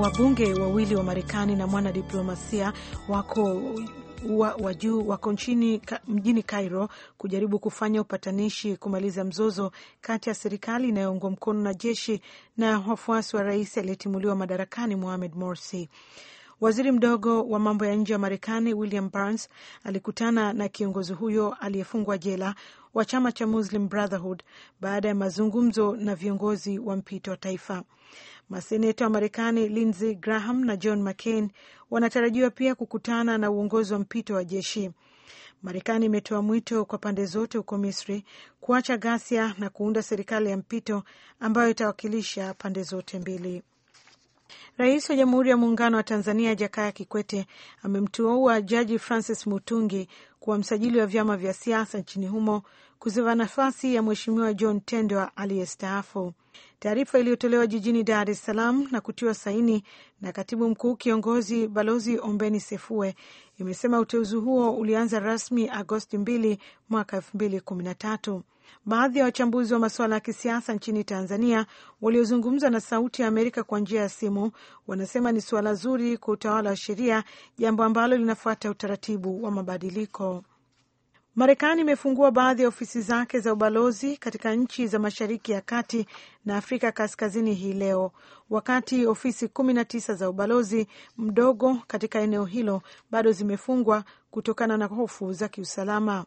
Wabunge wawili wa Marekani na mwanadiplomasia wako wa, wa juu wako nchini ka, mjini Cairo kujaribu kufanya upatanishi kumaliza mzozo kati ya serikali inayoungwa mkono na jeshi na wafuasi wa rais aliyetimuliwa madarakani Mohamed Morsi. Waziri mdogo wa mambo ya nje wa Marekani William Burns alikutana na kiongozi huyo aliyefungwa jela wa chama cha Muslim Brotherhood baada ya mazungumzo na viongozi wa mpito wa taifa. Maseneta wa Marekani Lindsey Graham na John McCain wanatarajiwa pia kukutana na uongozi wa mpito wa jeshi. Marekani imetoa mwito kwa pande zote huko Misri kuacha ghasia na kuunda serikali ya mpito ambayo itawakilisha pande zote mbili. Rais wa Jamhuri ya Muungano wa Tanzania Jakaya Kikwete amemteua Jaji Francis Mutungi kuwa msajili wa vyama vya siasa nchini humo kuziva nafasi ya Mheshimiwa John Tendwa aliyestaafu. Taarifa iliyotolewa jijini Dar es Salaam na kutiwa saini na katibu mkuu kiongozi Balozi Ombeni Sefue imesema uteuzi huo ulianza rasmi Agosti 2 mwaka 2013. Baadhi ya wachambuzi wa masuala ya kisiasa nchini Tanzania waliozungumza na Sauti ya Amerika kwa njia ya simu wanasema ni suala zuri kwa utawala wa sheria, jambo ambalo linafuata utaratibu wa mabadiliko. Marekani imefungua baadhi ya ofisi zake za ubalozi katika nchi za Mashariki ya Kati na Afrika Kaskazini hii leo, wakati ofisi kumi na tisa za ubalozi mdogo katika eneo hilo bado zimefungwa kutokana na hofu za kiusalama.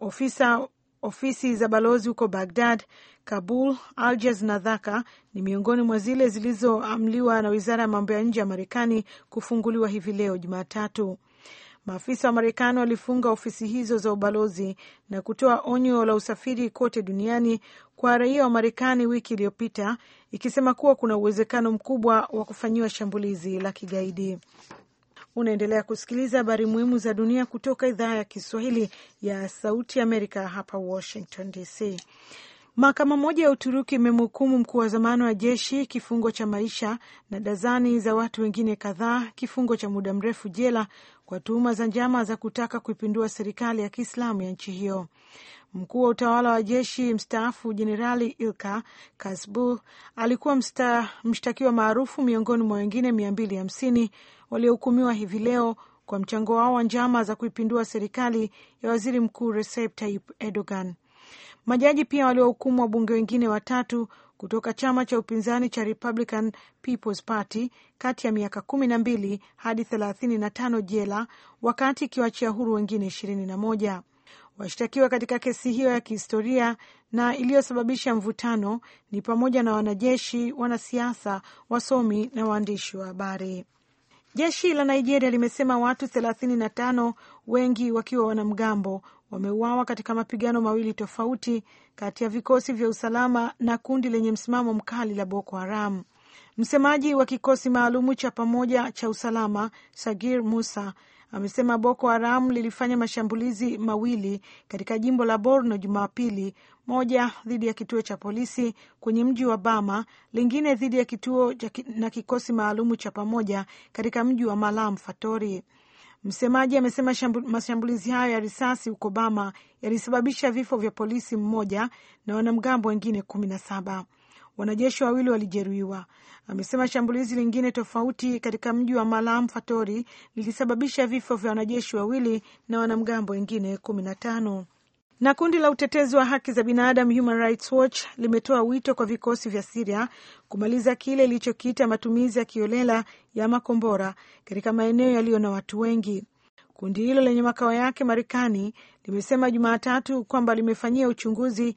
Ofisa Ofisi za balozi huko Bagdad, Kabul, Algiers na Dhaka ni miongoni mwa zile zilizoamliwa na wizara ya mambo ya nje ya Marekani kufunguliwa hivi leo Jumatatu. Maafisa wa Marekani walifunga ofisi hizo za ubalozi na kutoa onyo la usafiri kote duniani kwa raia wa Marekani wiki iliyopita, ikisema kuwa kuna uwezekano mkubwa wa kufanyiwa shambulizi la kigaidi. Unaendelea kusikiliza habari muhimu za dunia kutoka idhaa ya Kiswahili ya Sauti Amerika, hapa Washington DC. Mahakama moja ya Uturuki imemhukumu mkuu wa zamani wa jeshi kifungo cha maisha na dazani za watu wengine kadhaa kifungo cha muda mrefu jela kwa tuhuma za njama za kutaka kuipindua serikali ya Kiislamu ya nchi hiyo. Mkuu wa utawala wa jeshi mstaafu Jenerali Ilka Kasbul alikuwa mshtakiwa maarufu miongoni mwa wengine mia mbili hamsini waliohukumiwa hivi leo kwa mchango wao wa njama za kuipindua serikali ya waziri mkuu Recep Tayyip Erdogan. Majaji pia waliohukumu wabunge wengine watatu kutoka chama cha upinzani cha Republican People's Party kati ya miaka kumi na mbili hadi thelathini na tano jela wakati ikiwachia huru wengine ishirini na moja. Washtakiwa katika kesi hiyo ya kihistoria na iliyosababisha mvutano ni pamoja na wanajeshi, wanasiasa, wasomi na waandishi wa habari. Jeshi la Nigeria limesema watu 35 wengi wakiwa wanamgambo wameuawa katika mapigano mawili tofauti kati ya vikosi vya usalama na kundi lenye msimamo mkali la Boko Haram. Msemaji wa kikosi maalumu cha pamoja cha usalama Sagir Musa amesema Boko Haram lilifanya mashambulizi mawili katika jimbo la Borno Jumapili, moja dhidi ya kituo cha polisi kwenye mji wa Bama, lingine dhidi ya kituo na kikosi maalumu cha pamoja katika mji wa Malam Fatori. Msemaji amesema mashambulizi hayo ya risasi huko Bama yalisababisha vifo vya polisi mmoja na wanamgambo wengine kumi na saba. Wanajeshi wawili walijeruhiwa. Amesema shambulizi lingine tofauti katika mji wa Malam Fatori lilisababisha vifo vya wanajeshi wawili na wanamgambo wengine kumi na tano na kundi la utetezi wa haki za binadamu Human Rights Watch limetoa wito kwa vikosi vya Siria kumaliza kile ilichokiita matumizi ya kiolela ya makombora katika maeneo yaliyo na watu wengi. Kundi hilo lenye makao yake Marekani limesema Jumatatu kwamba limefanyia uchunguzi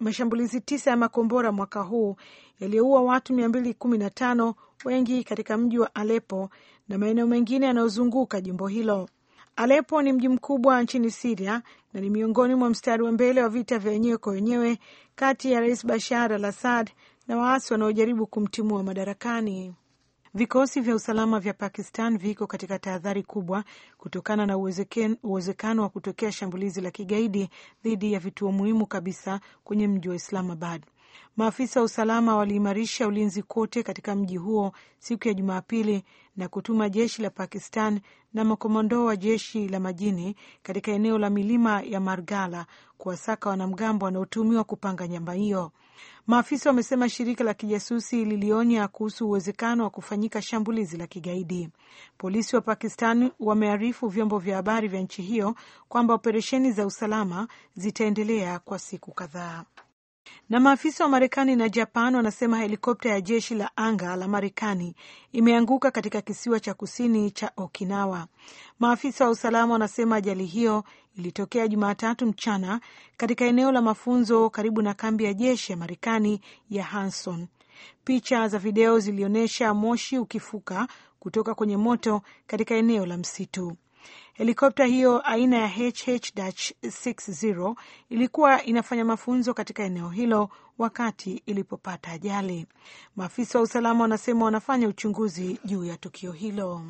mashambulizi tisa ya makombora mwaka huu yaliyoua watu 215 wengi katika mji wa Alepo na maeneo mengine yanayozunguka jimbo hilo. Alepo ni mji mkubwa nchini Siria na ni miongoni mwa mstari wa mbele wa vita vya wenyewe kwa wenyewe kati ya Rais Bashar al Assad na waasi wanaojaribu kumtimua madarakani. Vikosi vya usalama vya Pakistan viko katika tahadhari kubwa kutokana na uwezekano wa kutokea shambulizi la kigaidi dhidi ya vituo muhimu kabisa kwenye mji wa Islamabad. Maafisa wa usalama waliimarisha ulinzi kote katika mji huo siku ya Jumapili na kutuma jeshi la Pakistan na makomando wa jeshi la majini katika eneo la milima ya Margala kuwasaka wanamgambo wanaotumiwa kupanga nyamba hiyo. Maafisa wamesema shirika la kijasusi lilionya kuhusu uwezekano wa kufanyika shambulizi la kigaidi. Polisi wa Pakistan wamearifu vyombo vya habari vya nchi hiyo kwamba operesheni za usalama zitaendelea kwa siku kadhaa. Na maafisa wa Marekani na Japan wanasema helikopta ya jeshi la anga la Marekani imeanguka katika kisiwa cha kusini cha Okinawa. Maafisa wa usalama wanasema ajali hiyo ilitokea Jumatatu mchana katika eneo la mafunzo karibu na kambi ya jeshi ya Marekani ya Hanson. Picha za video zilionyesha moshi ukifuka kutoka kwenye moto katika eneo la msitu. Helikopta hiyo aina ya HH-60 ilikuwa inafanya mafunzo katika eneo hilo wakati ilipopata ajali. Maafisa wa usalama wanasema wanafanya uchunguzi juu ya tukio hilo.